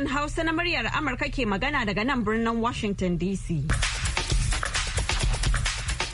nan Hausa na muryar Amurka ke magana daga nan birnin Washington DC.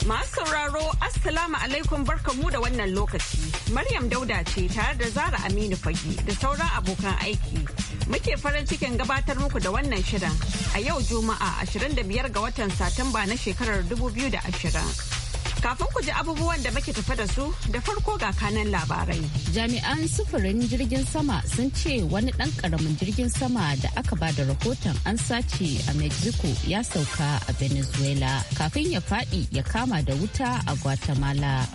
Masu sauraro, Assalamu alaikum mu da wannan lokaci. Maryam Dauda ce tare da Zara Aminu Fagi da sauran abokan aiki. Muke farin cikin gabatar muku da wannan shirin a yau Juma'a 25 ga watan Satumba na shekarar 2020. Kafin ku ji abubuwan da muke tafa da su da farko ga kanan labarai. Jami'an sufurin jirgin sama sun ce wani ɗan ƙaramin jirgin sama da aka ba da rahoton an sace a Mexico ya sauka a Venezuela kafin ya faɗi ya kama da wuta a Guatemala.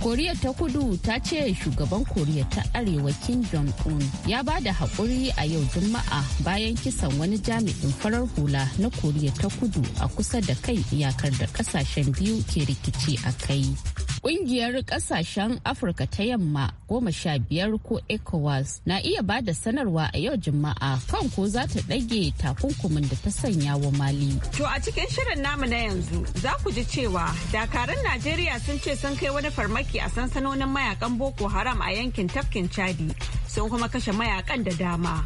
koriya ta kudu ta ce shugaban koriya ta arewa kim jong-un ya ba da haƙuri a yau juma'a bayan kisan wani jami'in farar hula na koriya ta kudu a kusa da kai iyakar da ƙasashen biyu ke rikici a kai Kungiyar kasashen Afirka ta yamma goma sha biyar ko ECOWAS na iya ba da sanarwa a yau Juma'a kan ko za ta ɗage takunkumin da ta sanya wa Mali. To a cikin shirin namu na yanzu za ku ji cewa dakarun Najeriya sun ce sun kai wani farmaki a sansanonin mayakan Boko Haram a yankin tafkin Chadi sun kuma kashe mayakan da dama.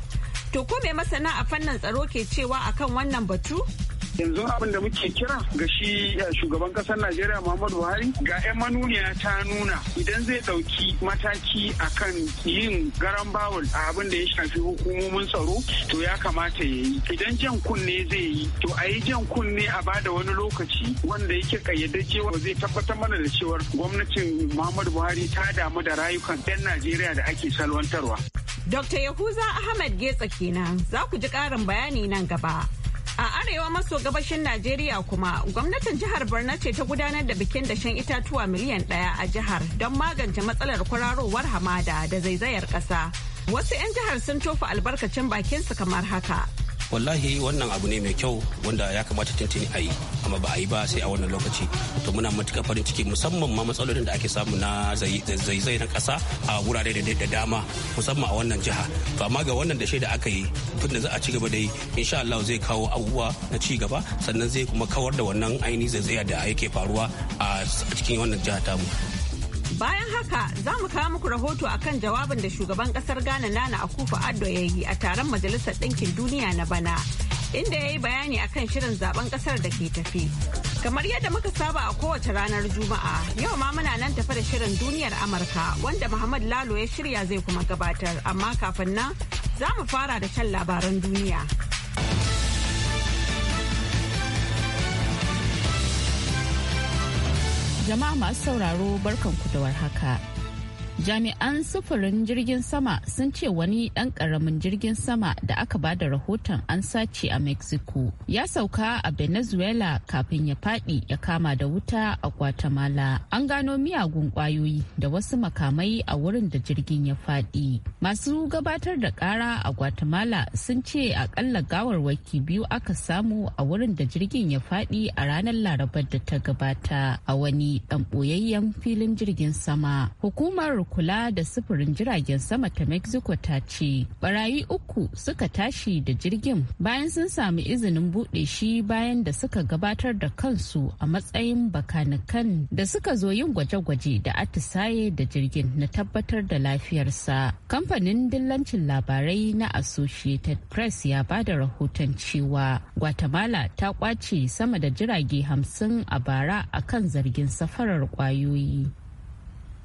To ko mai masana a fannin tsaro ke cewa akan wannan batu? yanzu abin da muke kira ga shi eh, shugaban ƙasar najeriya muhammadu buhari ga 'yan manuniya ta nuna idan zai ɗauki mataki akan yin garan bawul a abin da ya shafi hukumomin tsaro to ya kamata ya yi idan jan kunne zai yi to a yi jan kunne a bada wani lokaci wanda yake kayyadacce wanda zai tabbatar mana da cewar gwamnatin muhammadu buhari ta damu da rayukan 'yan najeriya da ake salwantarwa Dr. Yahuza Ahmad Getsa kenan za ku ji ƙarin bayani nan gaba. A arewa maso gabashin Najeriya kuma gwamnatin jihar Borno ce ta gudanar da bikin dashen itatuwa miliyan ɗaya a jihar don magance matsalar kwararowar hamada da zaizayar ƙasa. Wasu 'yan jihar sun tofa albarkacin bakinsu kamar haka. wallahi wannan abu ne mai kyau wanda ya kamata tuntuni a yi amma ba a yi ba sai a wannan lokaci to muna matuƙa farin ciki musamman ma matsalolin da ake samu na zaizai na ƙasa a wurare da dama musamman a wannan jiha to amma ga wannan da shaida aka yi da za a ci gaba da yi insha Allah zai kawo abubuwa na ci gaba sannan zai kuma kawar da wannan ainihin zaizaya da yake faruwa a cikin wannan jiha tamu Bayan haka za mu kawo muku rahoto kan jawabin da shugaban kasar Ghana Nana Akufo Addo ya yi a taron Majalisar Ɗinkin Duniya na bana, inda ya yi bayani kan shirin zaben kasar da ke tafi. Kamar yadda muka saba a kowace ranar Juma'a, yau ma muna nan tafa da shirin duniyar Amurka wanda Muhammad Lalo ya shirya zai kuma gabatar, amma kafin nan za mu fara da shan labaran duniya. Jama'a masu sauraro barkan da warhaka. jami'an sufurin jirgin sama sun ce wani ɗan ƙaramin jirgin sama da aka ba da rahoton an sace a mexico ya sauka a venezuela kafin ya faɗi ya kama da wuta a guatemala an gano miyagun kwayoyi da wasu makamai a wurin da jirgin ya faɗi masu gabatar da ƙara a guatemala sun ce akalla gawarwaki biyu aka samu a wurin da jirgin ya faɗi a ranar larabar da ta gabata a wani ɗan ɓoyayyen filin jirgin sama hukumar kula da sufurin jiragen sama ta mexico ta ce barayi uku suka tashi da jirgin bayan sun samu izinin buɗe shi bayan da suka gabatar da kansu a matsayin bakanikan da suka zo yin gwaje-gwaje da atisaye da jirgin na tabbatar da lafiyarsa kamfanin dillancin labarai na associated press ya ba da rahoton cewa guatemala ta kwace sama da jirage hamsin a bara akan zargin safarar kwayoyi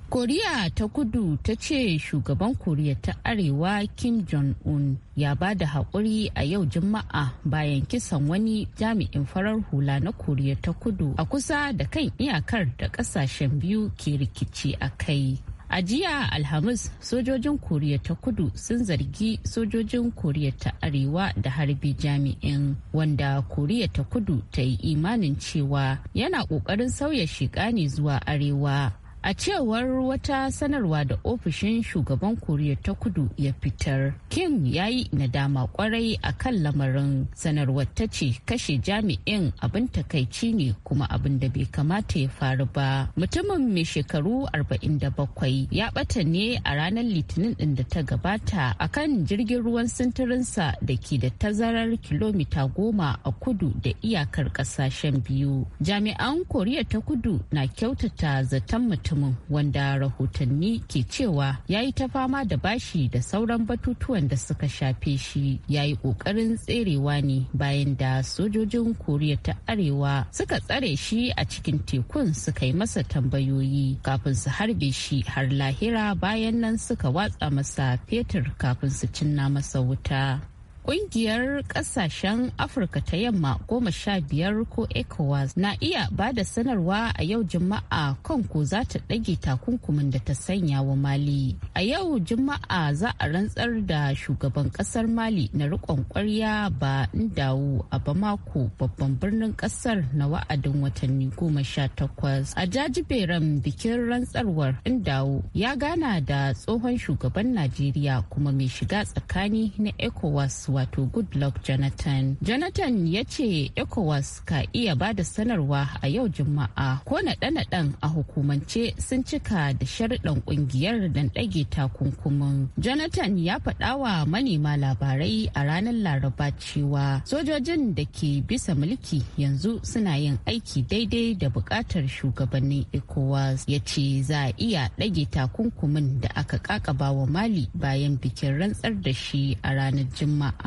koriya ta kudu ta ce shugaban koriya ta arewa kim jong-un ya ba da haƙuri a yau juma'a bayan kisan wani jami'in farar hula na koriya ta kudu a kusa da kan iyakar da ƙasashen biyu ke rikici a kai A jiya Alhamis, sojojin Koriya ta Kudu sun zargi sojojin Koriya ta Arewa da harbi jami'in wanda Koriya ta Kudu ta yi imanin cewa yana ƙoƙarin sauya shiga ne zuwa Arewa. a cewar wata sanarwa da ofishin shugaban koriya ta kudu ya fitar kim ya yi nadama kwarai a kan lamarin sanarwar ta ce kashe jami'in abin takaici ne kuma abin da bai kamata ya faru ba mutumin mai shekaru 47 ya bata ne a ranar litinin din da ta gabata a kan jirgin ruwan sintirinsa da ke da tazarar kilomita goma a kudu da iyakar kasashen biyu jami'an koriya ta kudu na kyautata zaton mutum mutumin wanda rahotanni ke cewa ya yi ta fama da bashi da sauran batutuwan da suka shafe shi ya yi kokarin tserewa ne bayan da sojojin koriya ta arewa suka tsare shi a cikin tekun suka yi masa tambayoyi kafin su harbe shi har lahira bayan nan suka watsa masa fetur kafin su cinna masa wuta Ƙungiyar ƙasashen Afirka ta yamma goma sha biyar ko ECOWAS na iya ba da sanarwa a yau Juma'a kan ko za ta ɗage takunkumin da ta sanya wa Mali. A yau Juma'a za a rantsar da shugaban ƙasar Mali na riƙon ƙwarya ba dawo a Bamako babban birnin ƙasar na wa'adin watanni goma sha takwas. A jajiberan bikin rantsarwar dawo ya gana da tsohon shugaban Najeriya kuma mai shiga tsakani na ECOWAS wato goodluck jonathan jonathan ya ce ecowas ka iya ba da sanarwa a yau juma'a ko naɗe-naɗen a hukumance sun cika da sharuɗan ƙungiyar don ɗage takunkumin jonathan ya faɗa wa manema labarai a ranar laraba cewa sojojin da ke bisa mulki yanzu suna yin aiki daidai da buƙatar shugabannin ecowas ya ce za a iya ɗage takunkumin da aka kakaba wa mali bayan bikin rantsar da shi a ranar juma'a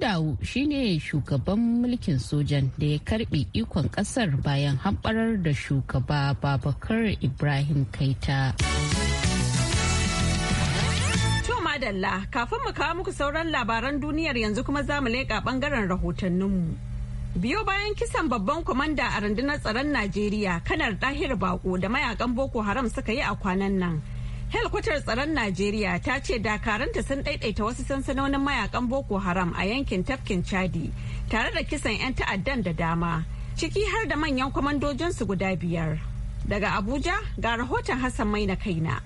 dawo shi shine shugaban mulkin sojan da ya karbe ikon kasar bayan hamɓarar da shugaba Babakar Ibrahim Kaita. to madalla kafin mu kawo muku sauran labaran duniyar yanzu kuma za mu leƙa ɓangaren rahotanninmu. Biyo bayan kisan babban kwamanda a rundunar tsaron Najeriya kanar ɗahir bako da mayakan Boko Haram suka yi a kwanan nan. helkwatar tsaron najeriya ta ce dakaranta sun daidaita wasu sansanonin mayakan boko haram a yankin tafkin chadi tare da kisan 'yan ta'addan da dama ciki har da manyan kwamandojinsu guda biyar daga abuja ga rahoton hassan mai na kaina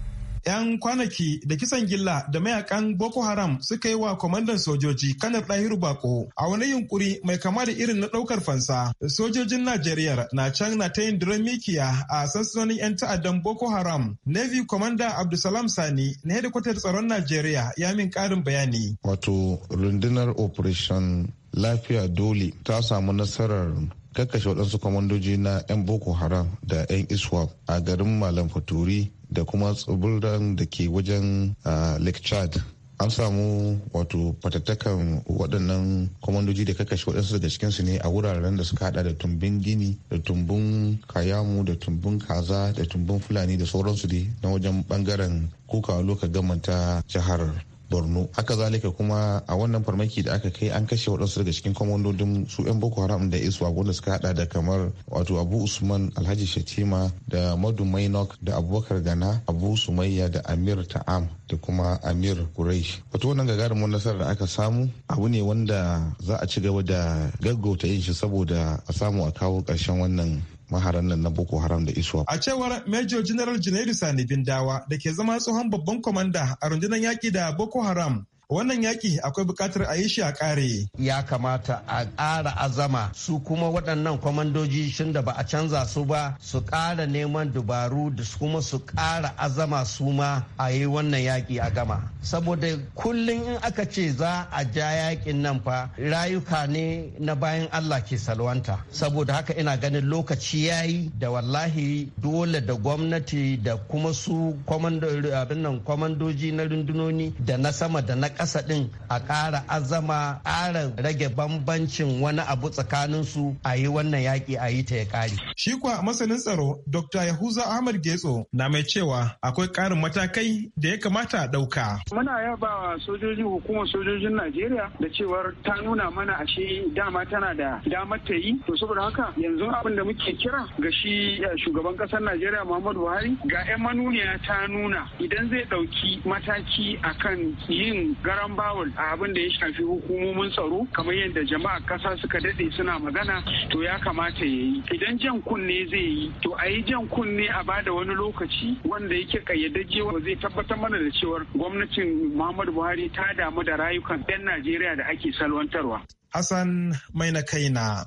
'Yan kwanaki da kisan gilla da mayakan Boko Haram suka yi wa kwamandan sojoji kanar ɗahiru bako a wani yunkuri mai kama da irin na ɗaukar fansa. Sojojin Najeriya na can na ta yin diren mikiya a sansanonin 'yan ta'addan Boko Haram. Navy Commander Abdulsalam Sani na hedikwatar tsaron Najeriya ya min ƙarin bayani. Wato rundunar Operation Lafiya Dole ta samu nasarar kakkashe waɗansu kwamandoji na 'yan boko haram da 'yan iswap a garin malam faturi da kuma tsibirin da ke wajen lake chad an samu wato fatattakan waɗannan kwamandoji da kakashi waɗansu daga cikinsu ne a wuraren da suka hada da tumbin gini da tumbin kayamu da tumbin kaza da tumbin fulani da sauransu dai na wajen bangaren kuka lokacin gamanta jihar borno haka zalika kuma a wannan farmaki da aka kai an kashe waɗansu daga cikin kwamandodin su 'yan boko haram da isu wanda suka hada da kamar wato abu usman alhaji shatima da madu mainok da abubakar gana abu sumayya da amir ta'am da kuma amir quraish wato wannan gagarumin nasarar da aka samu abu ne wanda za a ci gaba da gaggauta yin shi saboda a samu a kawo karshen wannan maharan nan na boko haram da iswa a cewar major general janairu sani bindawa da ke zama tsohon babban kwamanda a rundunar yaƙi da boko haram wannan yaki akwai bukatar a yi shi a kare ya kamata a ƙara azama su kuma waɗannan kwamandoji shin da ba a canza su ba su ƙara neman dubaru da kuma su ƙara azama su ma a yi wannan yaki a gama saboda kullum in aka ce za a ja yakin nan fa rayuka ne na bayan Allah ke salwanta saboda haka ina ganin lokaci yayi da wallahi dole da gwamnati da kuma su kwamandoji na rundunoni da na sama da na ƙasa ɗin a ƙara azama ƙara rage bambancin wani abu tsakanin su a yi wannan yaƙi a yi ta ya ƙare. Shi kuwa masanin tsaro Dr. Yahuza Ahmad Getso na mai cewa akwai ƙarin matakai da ya kamata a ɗauka. Muna yaba sojoji hukumar sojojin Najeriya da cewar ta nuna mana a shi dama tana da damar ta yi to saboda haka yanzu abin da muke kira ga shi eh, shugaban ƙasar Najeriya Muhammadu Buhari ga 'yan manuniya ta nuna idan zai ɗauki mataki akan yin garan bawul a abin da ya shafi hukumomin tsaro kamar yadda jama'a ƙasa suka dade suna magana to ya kamata ya yi idan jan kunne zai yi to a yi jan kunne a bada wani lokaci wanda yake ƙayyadajje wanda zai tabbatar mana da cewar gwamnatin muhammadu buhari ta damu da rayukan 'yan najeriya da ake salwantarwa hassan mai na kai na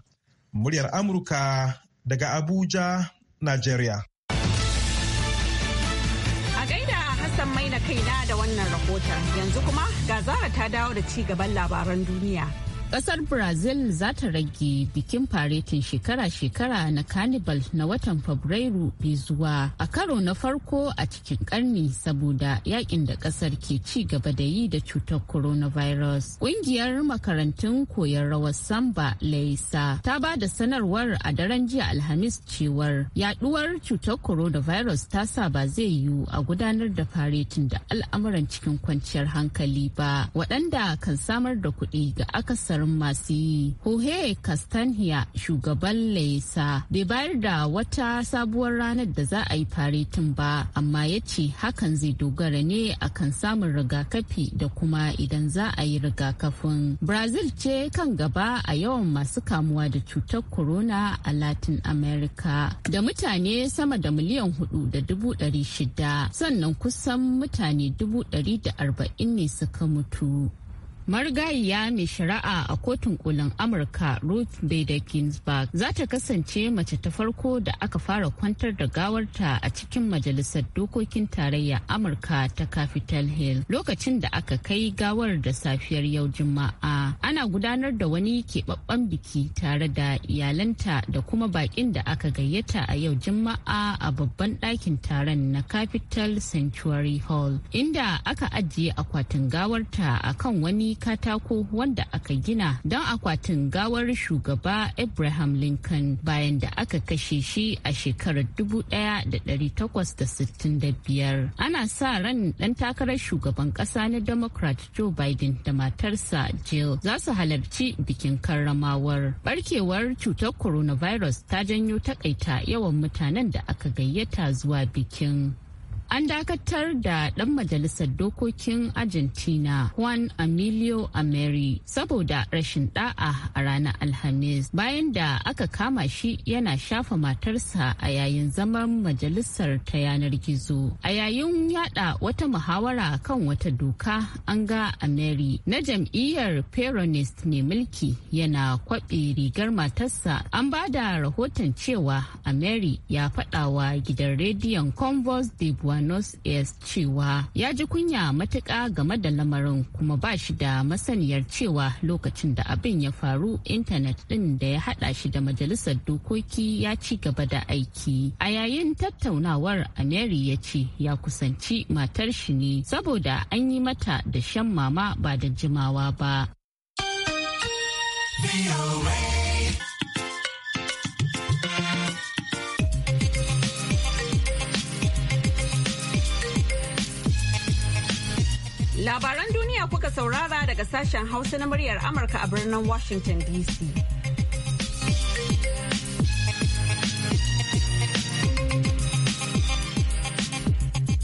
muryar amurka daga abuja najeriya kaina da wannan rahoton yanzu kuma ga zara ta dawo da ci gaban labaran duniya. Kasar Brazil za ta rage bikin faretin shekara-shekara na Carnival na watan Fabrairu bai zuwa a karo na farko a cikin karni saboda yakin da kasar ke ci gaba da yi da cutar coronavirus. Kungiyar makarantun koyar rawar Samba Laisa ta ba da sanarwar a daren jiya Alhamis cewar yaduwar cutar coronavirus ta sa ba zai yiwu a gudanar da faretin da al'amuran cikin kwanciyar hankali ba waɗanda kan samar da kuɗi ga akasar labarin masu yi. Hohe Kastanhiya shugaban Laisa bai bayar da wata sabuwar ranar da za a yi faretin ba amma ya ce hakan zai dogara ne akan samun rigakafi da kuma idan za a yi rigakafin. Brazil ce kan gaba a yawan masu kamuwa da cutar corona a Latin America da mutane sama da miliyan hudu da dubu dari shida sannan kusan mutane dubu dari da arba'in ne suka mutu. marigayiya mai shari'a a kotun kolin amurka ruth bader ginsburg za ta kasance mace ta farko da aka fara kwantar da gawarta a cikin majalisar dokokin tarayya amurka ta capitol hill lokacin da aka kai gawar da safiyar yau juma'a ana gudanar da wani keɓaɓɓen biki tare da iyalanta da kuma baƙin da aka gayyata a yau juma'a a babban ɗakin taron na Capital sanctuary hall inda aka ajiye akwatin gawarta akan wani katako wanda aka gina don akwatin gawar shugaba Abraham Lincoln bayan da aka kashe shi a shekarar 1865. Ana sa ran ɗan takarar shugaban ƙasa na Democrat Joe Biden da matarsa Jill za su halarci bikin karramawar. Barkewar cutar coronavirus ta janyo takaita yawan mutanen da aka gayyata zuwa bikin. an dakatar da ɗan majalisar dokokin Argentina Juan Emilio Ameri saboda rashin ɗa'a a ranar Alhamis bayan da aka kama shi yana shafa matarsa a yayin zaman majalisar ta yanar gizo. A yayin yada wata muhawara kan wata doka an ga Ameri na jam'iyyar Peronist ne mulki yana kwaɓe rigar matarsa an ba da rahoton cewa Ameri ya faɗawa gidan rediyon Convos de north east cewa ya ji kunya matuƙa game da lamarin kuma ba shi da masaniyar cewa lokacin da abin ya faru intanet ɗin da ya haɗa shi da majalisar dokoki ya ci gaba da aiki a yayin tattaunawar ameri ya ce ya kusanci matar shi ne saboda an yi mata da shan mama ba da jimawa ba. Labaran duniya kuka saurara daga sashen Hausa na muryar Amurka a birnin Washington DC.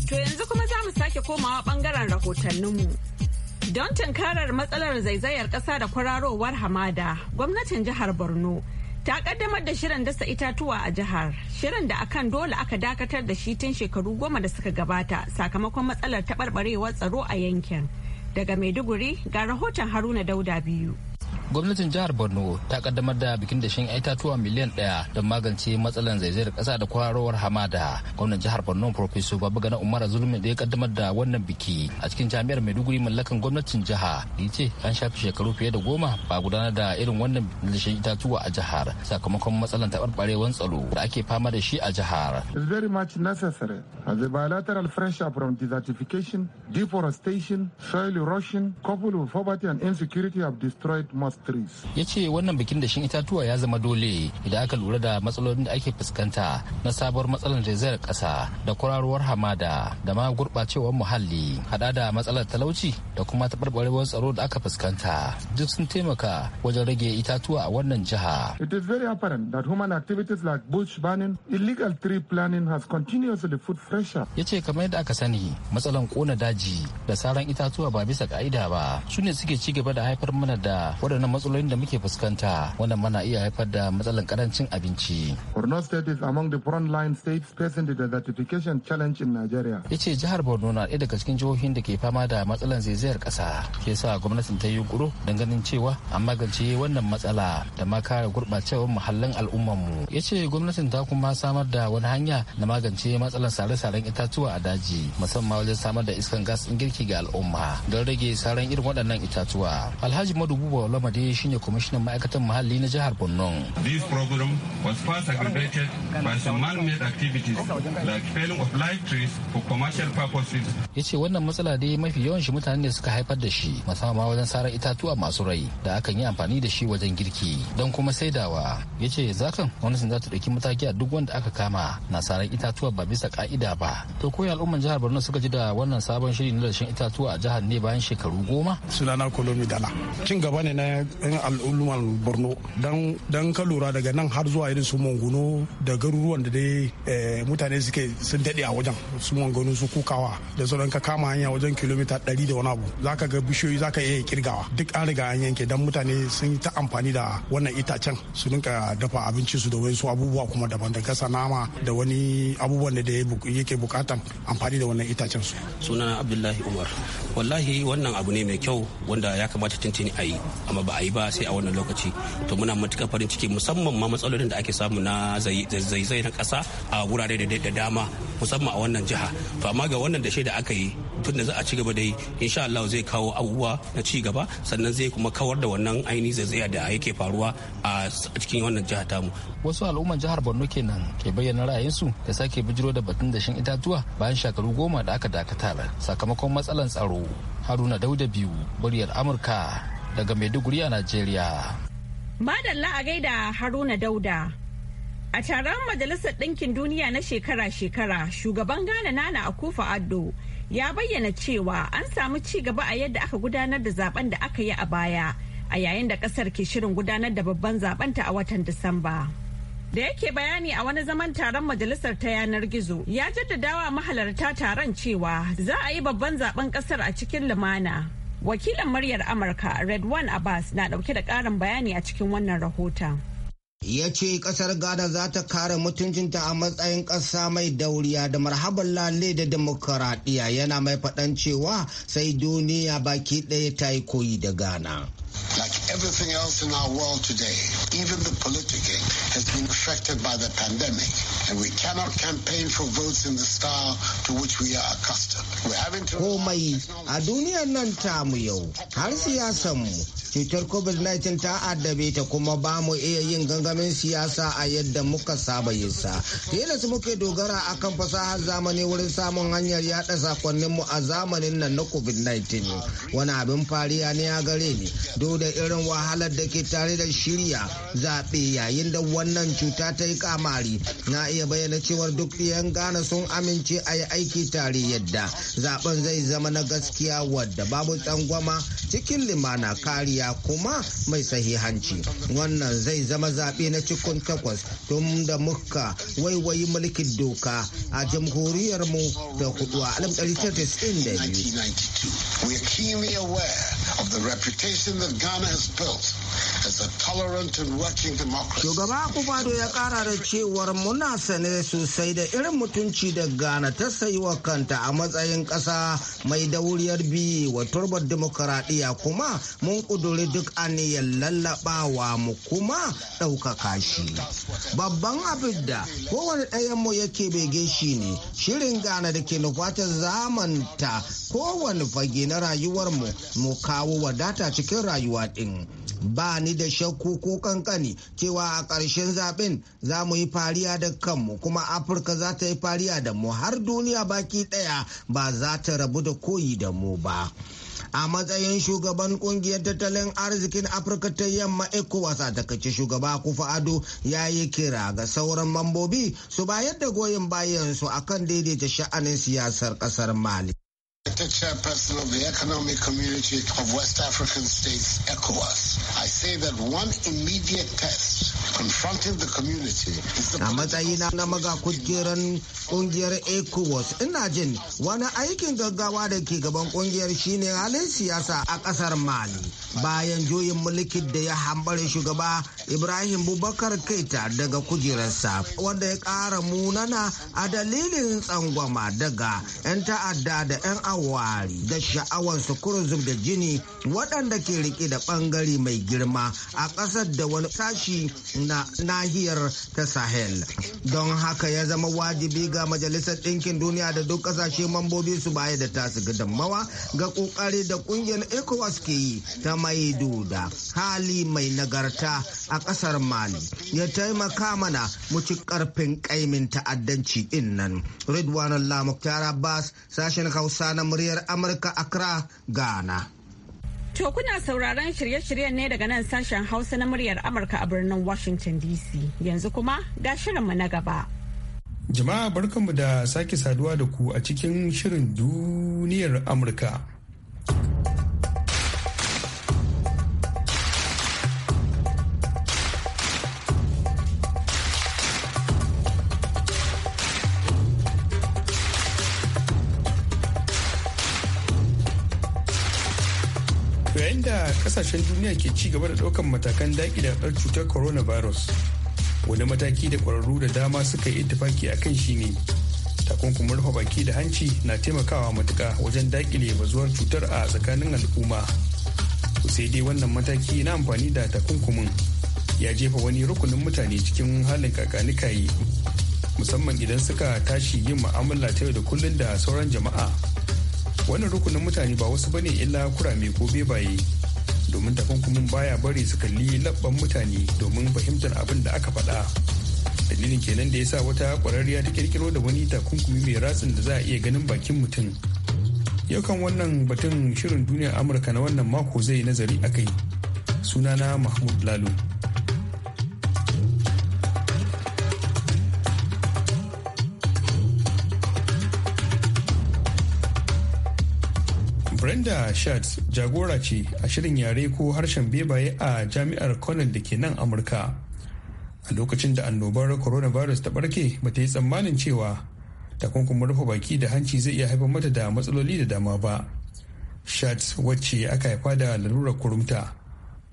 To yanzu kuma za mu sake komawa bangaren rahotanninmu. Don tunkarar matsalar zaizayar ƙasa da kwararowar hamada, gwamnatin jihar Borno ta kaddamar da shirin dasa itatuwa a jihar shirin da akan dole aka dakatar da shi tun shekaru goma da suka gabata sakamakon matsalar taɓarɓarewar tsaro a yankin daga maiduguri ga rahoton haruna dauda biyu gwamnatin jihar borno ta kaddamar da bikin dashen itatuwa miliyan daya don magance matsalan zaizayar kasa da kwararowar hamada gwamnan jihar borno professor gana umar zulmi da ya kaddamar da wannan biki a cikin jami'ar maiduguri mallakan gwamnatin jiha da ce an shafi shekaru fiye da goma ba gudanar da irin wannan dashen itatuwa a jihar sakamakon matsalan taɓarɓarewar tsaro da ake fama da shi a jihar. is very much necessary as a bilateral pressure from desertification, deforestation, soil erosion, coupled with poverty and insecurity have destroyed most ya ce wannan bikin dashen itatuwa ya zama dole idan aka lura da matsalolin da ake fuskanta na sabuwar matsalar zaizayar kasa da kwararowar hamada da ma gurɓacewar muhalli haɗa da matsalar talauci da kuma taɓarɓarewar tsaro da aka fuskanta duk sun taimaka wajen rage itatuwa a wannan jiha. It is very apparent that human activities like bush burning, illegal tree planting has continuously put pressure. Ya ce kamar yadda aka sani matsalar kona daji da saran itatuwa ba bisa ka'ida ba su ne suke ci gaba da haifar mana da waɗannan wannan matsalolin da muke fuskanta wannan mana iya haifar da matsalan karancin abinci. Borno State is among the front line states facing the desertification challenge in Nigeria. Ice jihar Borno na ɗaya daga cikin jihohin da ke fama da matsalan zaizayar kasa Ke sa gwamnatin ta yi yunƙuro don ganin cewa an magance wannan matsala da ma kare gurɓacewar muhallin al'ummarmu. yace ce gwamnatin ta kuma samar da wani hanya na magance matsalan sare-saren itatuwa a daji musamman wajen samar da iskan gas in girki ga al'umma don rage saran irin waɗannan itatuwa. Alhaji Madubu lamadi. dai shine kwamishinan ma'aikatan muhalli na jihar Borno. This problem was first aggravated by some man-made activities like felling of live trees for commercial purposes. Ya wannan matsala dai mafi yawan shi mutane ne suka haifar da shi musamman wajen sarar itatuwa masu rai da akan yi amfani da shi wajen girki don kuma saidawa. Ya ce zakan wani za ta ɗauki mataki a duk wanda aka kama na sarar itatuwa ba bisa ka'ida ba. To koyi al'umman jihar Borno suka ji da wannan sabon shiri na dashen itatuwa a jihar ne bayan shekaru goma? Sunana Kolomi Dala. Cin gaba ne na 'yan al'ummar borno dan ka lura daga nan har zuwa irin su mangono da garuruwan da dai eh, mutane suke sun daɗe a wajen su mangono su kukawa da sauran ka kama hanya wajen kilomita ɗari da wani abu za ka ga bishiyoyi za ka iya kirgawa duk an riga an yanke dan mutane sun ta amfani da wannan itacen su rinka dafa abinci su da su abubuwa kuma daban da gasa nama da wani abubuwan da yake bukatan amfani da wannan itacen su sunana abdullahi umar wallahi wannan abu ne mai kyau wanda ya kamata tuntuni a yi amma ba a yi ba sai a wannan lokaci to muna matukar farin ciki musamman ma matsalolin da ake samu na zaizai na kasa a wurare da dama musamman a wannan jiha to amma ga wannan da shaida aka yi tun da za a ci gaba da yi insha Allah zai kawo abubuwa na ci gaba sannan zai kuma kawar da wannan ainihin zaizai da yake faruwa a cikin wannan jiha tamu wasu al'umman jihar Borno kenan ke bayyana ra'ayinsu da sake bijiro da batun dashin itatuwa bayan shakaru goma da aka dakata sakamakon matsalan tsaro Haruna Dauda biyu muryar Amurka daga Maiduguri a Najeriya. Madalla a gaida Haruna Dauda. A taron Majalisar Ɗinkin Duniya na shekara-shekara, shugaban Ghana Nana Akufa Addo ya bayyana cewa an samu ci gaba a yadda aka gudanar da zaben da aka yi a baya, a yayin da ƙasar ke shirin gudanar da babban ta a watan Disamba. da yake bayani a wani zaman taron majalisar ta yanar gizo ya jaddadawa mahalarta taron cewa za a yi babban zaben kasar a cikin lumana Wakilin muryar Amurka Red One Abbas na dauke da karin bayani a cikin wannan rahoton. ya ce kasar ghana za ta kare mutuncinta a matsayin ƙasa mai dauriya da marhaban lalle da demokaradiyya yana mai faɗan cewa sai duniya baki ɗaya ta yi koyi da ghana Like everything else in our world today, even the politicking has been affected by the pandemic, and we cannot campaign for votes in the style to which we are accustomed. We're having to. Komai a duniyar nan mu yau, har mu, cutar COVID-19 ta addabe ta kuma ba mu iya yin gangamin siyasa a yadda muka saba yin sa. su muke dogara akan fasahar zamani wurin samun hanyar yaɗa sakonninmu a zamanin nan na COVID-19. Wani abin fariya ne ya gare ni. duk da irin wahalar da ke tare da shirya zaɓe yayin da wannan cuta ta yi kamari na iya bayyana cewar duk yan Ghana sun amince a yi aiki tare yadda zaben zai zama na gaskiya wadda babu tsangwama cikin limana kariya kuma mai sahihanci wannan zai zama zaɓe na cikin takwas tun da muka waiwayi mulkin doka a jamhuriyar mu da hudu a 1992. of the reputation that Ghana has built Shugaba Akufado ya kara da cewar muna sane sosai da irin mutunci da gana ta sayi wa kanta a matsayin ƙasa mai dauriyar biyu wa turbar dimokuraɗiyya kuma mun ƙuduri duk aniyar lallaɓawa mu kuma ɗaukaka shi. Babban abin da kowane ɗayanmu yake bege shi ne shirin Ghana da ke nufatar zamanta kowane fage na rayuwarmu mu kawo wadata cikin rayuwa ɗin. ba ni da shakku ko kankani cewa a ƙarshen zaɓen za mu yi fariya da kanmu kuma afirka za ta yi fariya da mu har duniya baki ɗaya ba za ta rabu da koyi da mu ba a matsayin shugaban kungiyar tattalin arzikin afirka ta yamma ecowas a takaice shugaba kufa ado ya yi kira ga sauran mambobi su bayar da goyon bayansu su akan daidaita sha'anin siyasar kasar mali the chairperson of the Economic Community of West African States, ECOWAS, I say that one immediate test confronting the community is the. A matsayina na maga kujeran kungiyar ECOWAS, ina jin wani aikin gaggawa da ke gaban kungiyar shine halin siyasa a kasar Mali. Bayan juyin mulkin da ya hambare shugaba Ibrahim Bubakar Keita daga kujerarsa, wanda ya ƙara munana a dalilin tsangwama daga 'yan ta'adda da 'yan awa wari da sha'awar su da jini waɗanda ke rike da ɓangare mai girma a ƙasar da wani sashi na nahiyar ta sahel don haka ya zama wajibi ga majalisar ɗinkin duniya da duk ƙasashe mambobi su baya da tasu gudunmawa ga ƙoƙari da ƙungiyar ecowas ke yi ta mai duda hali mai nagarta a ƙasar mali ya taimaka mana mu ci ƙarfin ƙaimin ta'addanci ɗin nan lamu tara bas sashen hausa na muryar Amurka Accra, Ghana. To kuna sauraron shirye-shiryen ne daga nan sashen Hausa na muryar Amurka a birnin Washington DC. Yanzu kuma ga shirinmu na gaba. Jama'a barkanmu da sake saduwa da ku a cikin shirin duniyar Amurka. yayin da kasashen duniya ke ci gaba da ɗaukan matakan daƙi da ɗan cutar coronavirus wani mataki da ƙwararru da dama suka yi ittifaki a kan shi ne takunkumin rufe baki da hanci na taimakawa matuka wajen daƙile bazuwar cutar a tsakanin al'umma sai dai wannan mataki na amfani da takunkumin ya jefa wani rukunin mutane cikin halin kakanikayi musamman idan suka tashi yin mu'amala ta yau da kullun da sauran jama'a wannan rukunin mutane ba wasu bane illa kurame ko bebaye domin takunkumin baya bari su kalli labban mutane domin fahimtar abin da aka faɗa dalilin kenan da ya sa wata kwararriya ta kirkiro da wani takunkumi mai ratsin da za a iya ganin bakin mutum yau kan wannan batun shirin duniyar amurka na wannan mako zai nazari a kai sunana mahmud lalu. Brenda Shad jagora ce a shirin yare ko harshen bebaye a jami'ar Cornell da ke nan Amurka. A lokacin da annobar coronavirus ta barke ba ta yi tsammanin cewa takunkumin rufe baki da hanci zai iya haifar mata da matsaloli da dama ba. Shad wacce aka haifa da lalurar kurumta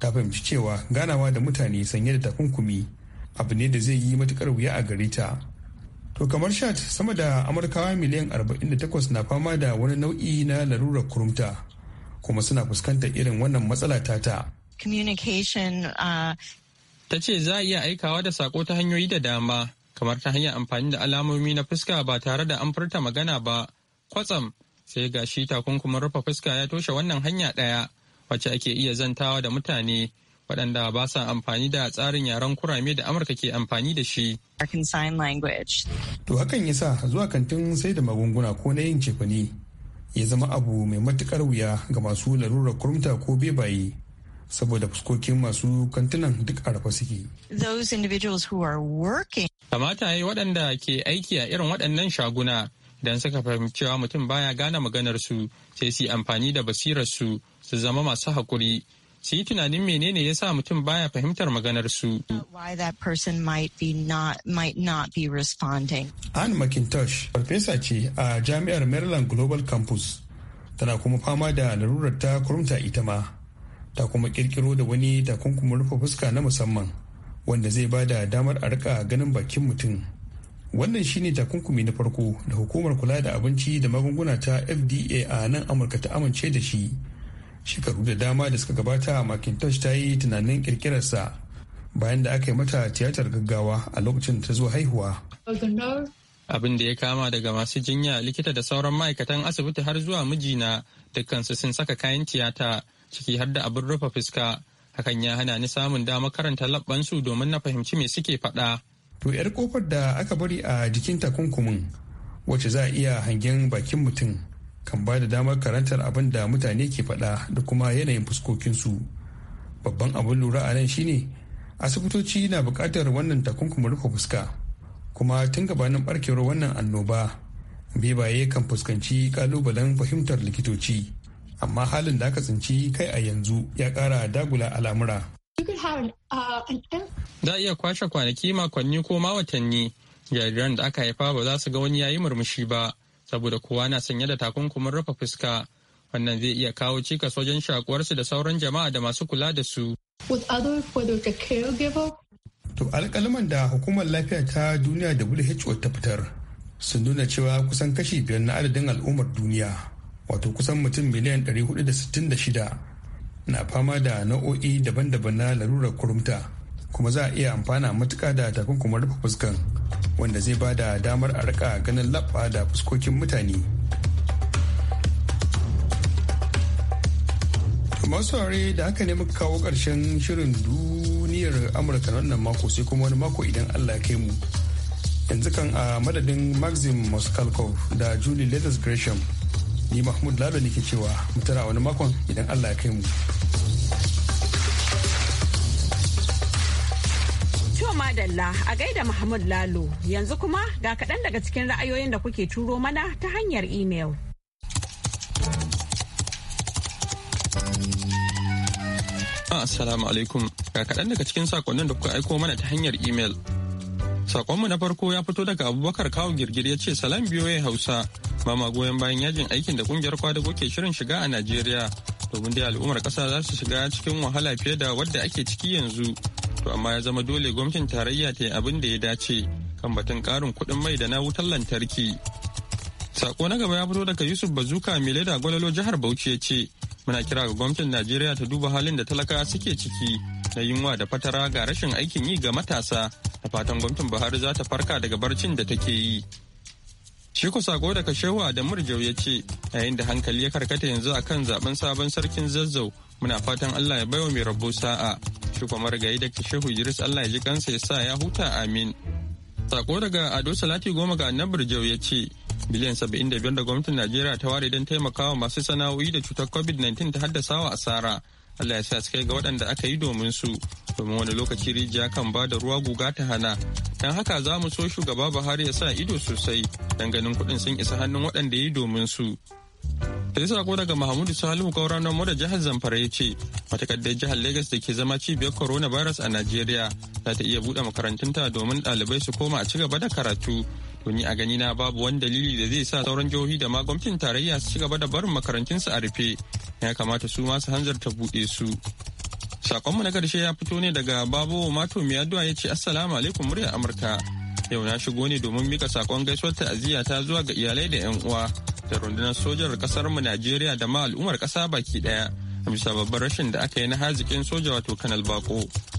ta fahimci cewa ganawa da mutane sanye da takunkumi abu ne da zai yi matukar wuya a gare ta. To kamar shat sama da Amurkawa miliyan 48 na fama da wani nau'i na larurar kurumta kuma suna fuskantar irin wannan matsala ta ta. Communication uh, ta ce za a iya aikawa da sako ta hanyoyi da dama kamar ta hanyar amfani da alamomi na fuska ba tare da an furta magana ba kwatsam sai ga shi takunkumin rufe fuska ya toshe wannan hanya ɗaya wacce ake iya zantawa da mutane waɗanda ba sa amfani da tsarin yaren kurame da amurka ke amfani da shi to hakan ya sa zuwa kantin sai da magunguna ko na yin cefane ya zama abu mai matukar wuya ga masu larurar kurumta ko bebaye saboda fuskokin masu kantunan duk a rafa suke. Kamata ya yi waɗanda ke aiki a irin waɗannan shaguna idan suka fahimci cewa mutum baya gane maganar su sai su amfani da basirar su su zama masu haƙuri su yi tunanin menene ya sa mutum baya fahimtar maganar su. Anne McIntosh, farfesa ce a Jami'ar Maryland Global Campus, tana kuma fama da larurar ta kurumta ita ma, ta kuma kirkiro da wani takunkumin rufe fuska na musamman, wanda zai ba da damar a rika ganin bakin mutum. Wannan shine takunkumi na farko da hukumar kula da abinci da magunguna ta FDA a nan Amurka ta amince da shi. shekaru da dama da suka gabata macintosh ta yi tunanin kirkirarsa bayan da aka yi mata tiyatar gaggawa a lokacin ta zo haihuwa abin da ya kama daga masu jinya likita da sauran ma'aikatan asibiti har zuwa mijina dukkansu sun saka kayan tiyata ciki har da abin rufe fuska hakan ya hana ni samun damar karanta labbansu domin na fahimci me suke faɗa. to yar kofar da aka bari a jikin takunkumin wacce za a iya hangen bakin mutum kan ba da damar karantar abin da mutane ke faɗa da kuma yanayin fuskokinsu babban abin lura a nan shine asibitoci na buƙatar wannan takunkumin rufe fuska kuma tun gabanin barkewar wannan annoba bebaye kan fuskanci kalubalen fahimtar likitoci amma halin da aka tsinci kai a yanzu ya ƙara dagula al'amura uh, za iya kwashe kwanaki makonni ko ma watanni jariran da aka haifa ba za su ga wani yayi murmushi ba saboda kowa na sanye da takunkumin rufe fuska wannan zai iya kawo cikas wajen shakuwarsu da sauran jama'a da masu kula da su. To alkalaman da hukumar lafiya ta duniya da WHO ta fitar sun nuna cewa kusan kashi biyar na adadin al'ummar duniya wato kusan mutum miliyan ɗari da shida na fama da nau'o'i daban-daban na larurar kurumta kuma za a iya amfana matuka da takunkumin rufe fuskan. wanda zai ba da damar a rika ganin labba da fuskokin mutane masu ware da haka ne muka kawo ƙarshen shirin duniyar amurka na wannan mako sai kuma wani mako idan allah kai mu yanzu kan a madadin maxim moskalkov da julie leathers gresham ni mahmud lalo ne ke cewa mutara wani makon idan allah kai mu dalla a gaida Mahmud Lalo yanzu kuma ga kaɗan daga cikin ra'ayoyin da kuke turo mana ta hanyar imel. Assalamu alaikum ga kaɗan daga cikin sakonnin da kuka aiko mana ta hanyar imel. Sakonmu na farko ya fito daga Abubakar Kawo Girgir ya ce salam ya Hausa mama goyon bayan yajin aikin da kungiyar kwadago ke shirin shiga a Najeriya domin dai al'ummar ƙasa za su shiga cikin wahala fiye da wadda ake ciki yanzu. to amma ya zama dole gwamnatin tarayya ta yi abin da ya dace kan batun karin kuɗin mai da na wutar lantarki sako na gaba ya fito daga yusuf bazuka mai da gwalolo jihar bauchi ya ce muna kira ga gwamnatin najeriya ta duba halin da talaka suke ciki na yunwa da fatara ga rashin aikin yi ga matasa da fatan gwamnatin buhari za ta farka daga barcin da take yi shi ku sako daga shehu da murjau ya ce yayin da hankali ya karkata yanzu akan zaben sabon sarkin zazzau muna fatan Allah ya baiwa mai rabo sa'a shi kuma rigayi da shehu Idris Allah ya ji kansa ya sa ya huta amin sako daga Ado Salati goma ga annabar Jau ya ce biliyan 75 da gwamnatin Najeriya ta ware don taimakawa masu sana'o'i da cutar COVID-19 ta haddasa wa asara Allah ya sa su kai ga waɗanda aka yi domin su domin wani lokaci rijiya kan ba da ruwa guga ta hana don haka za mu so shugaba Buhari ya sa ido sosai don ganin kuɗin sun isa hannun waɗanda ya yi domin su sai sako daga Mahmudu Salihu Kaurano mu da jihar Zamfara ya ce matakaddar jihar Legas da ke zama cibiyar coronavirus a Najeriya za ta iya buɗe makarantunta domin ɗalibai su koma a cigaba da karatu. Tuni a gani na babu wani dalili da zai sa sauran jihohi da ma gwamnatin tarayya su cigaba da barin makarantunsu a rufe. Ya kamata su ma su hanzarta buɗe su. Sakonmu na karshe ya fito ne daga Babu Mato Miyaduwa ya ce Assalamu alaikum muryar Amurka. Yau na shigo ne domin mika sakon gaisuwar ta'aziyya ta zuwa ga iyalai da 'yan uwa. da rundunar sojar kasar mu Najeriya da ma al'ummar kasa baki daya bisa babbar rashin da aka yi na hazikin soja wato kanal bako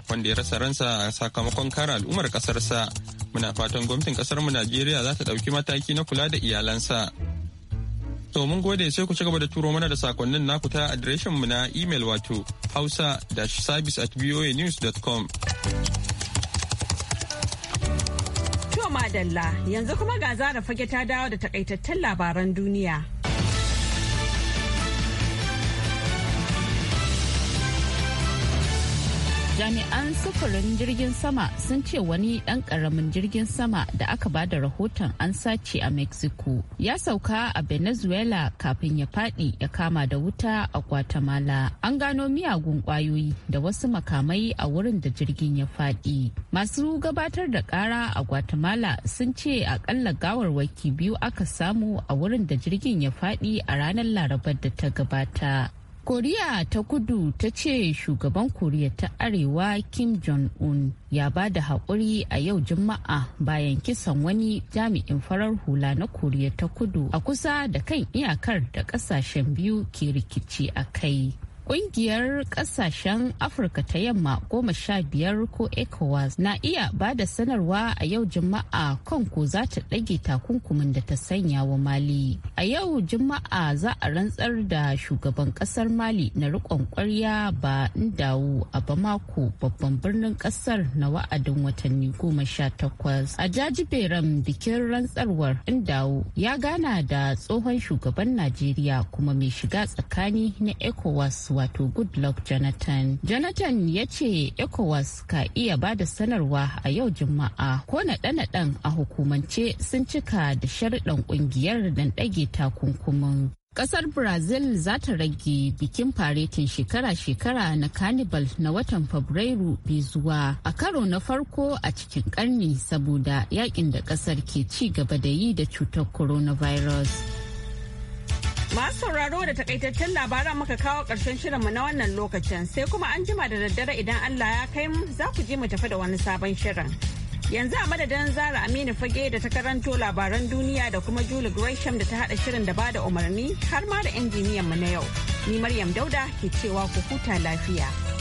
wanda ya rasa ransa a sakamakon kare al'ummar sa muna fatan gwamnatin kasar mu Najeriya za ta dauki mataki na kula da iyalansa to mun gode sai ku ci gaba da turo mana da sakonnin naku ta adireshin mu na email wato hausa-service madalla yanzu kuma ga zara fage ta dawo da takaitattun labaran duniya. jami'an sufurin jirgin sama sun ce wani ɗan ƙaramin jirgin sama da aka ba da rahoton an sace a mexico ya sauka a venezuela kafin ya faɗi ya kama da wuta a guatemala an gano miyagun ƙwayoyi da wasu makamai a wurin da jirgin ya faɗi masu gabatar da ƙara a guatemala sun ce akalla gawarwaki biyu aka samu a wurin da jirgin ya faɗi a ranar larabar da ta gabata koriya ta kudu ta ce shugaban koriya ta arewa kim jong-un ya ba da haƙuri a yau juma'a bayan kisan wani jami'in farar hula na koriya ta kudu a kusa da kan iyakar da ƙasashen biyu ke rikici a kai Ƙungiyar ƙasashen Afirka ta yamma goma sha biyar ko ECOWAS na iya ba da sanarwa a yau Juma'a ko za ta ɗage takunkumin da ta sanya wa Mali. A yau Juma'a za a rantsar da shugaban ƙasar Mali na riƙon ƙwarya ba Ndawu a Bamako babban birnin ƙasar na wa'adin watanni goma sha takwas. A jajiberan bikin rantsarwar Ndawu ya gana da tsohon shugaban Najeriya kuma mai shiga tsakani na ECOWAS wato goodluck jonathan jonathan ya ce ecowas ka iya ba da sanarwa a yau juma'a ko naɗe-naɗen a hukumance sun cika da sharuɗan ƙungiyar dan ɗage takunkumin Kasar Brazil za ta rage bikin faretin shekara-shekara na Carnival na watan Fabrairu bi zuwa a karo na farko a cikin karni saboda yakin da kasar ke ci gaba da yi da cutar coronavirus. Masu sauraro da takaitaccen labaran muka kawo ƙarshen shirinmu na wannan lokacin sai kuma an jima da daddare idan Allah ya kai mu za ku je mu tafi da wani sabon shirin. Yanzu a madadin Zara Aminu Fage da ta karanto labaran duniya da kuma Julie Gresham da ta haɗa shirin da ba da umarni har ma da injiniyan mu na yau. Ni Maryam Dauda ke cewa ku huta lafiya.